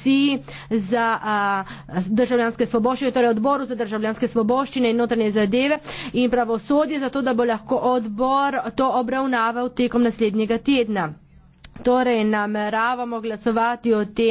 komisiji za a, državljanske svoboščine, torej odboru za državljanske svoboščine in notranje zadeve in pravosodje, zato da bo lahko odbor to obravnaval tekom naslednjega tedna. Torej, nameravamo glasovati o tem,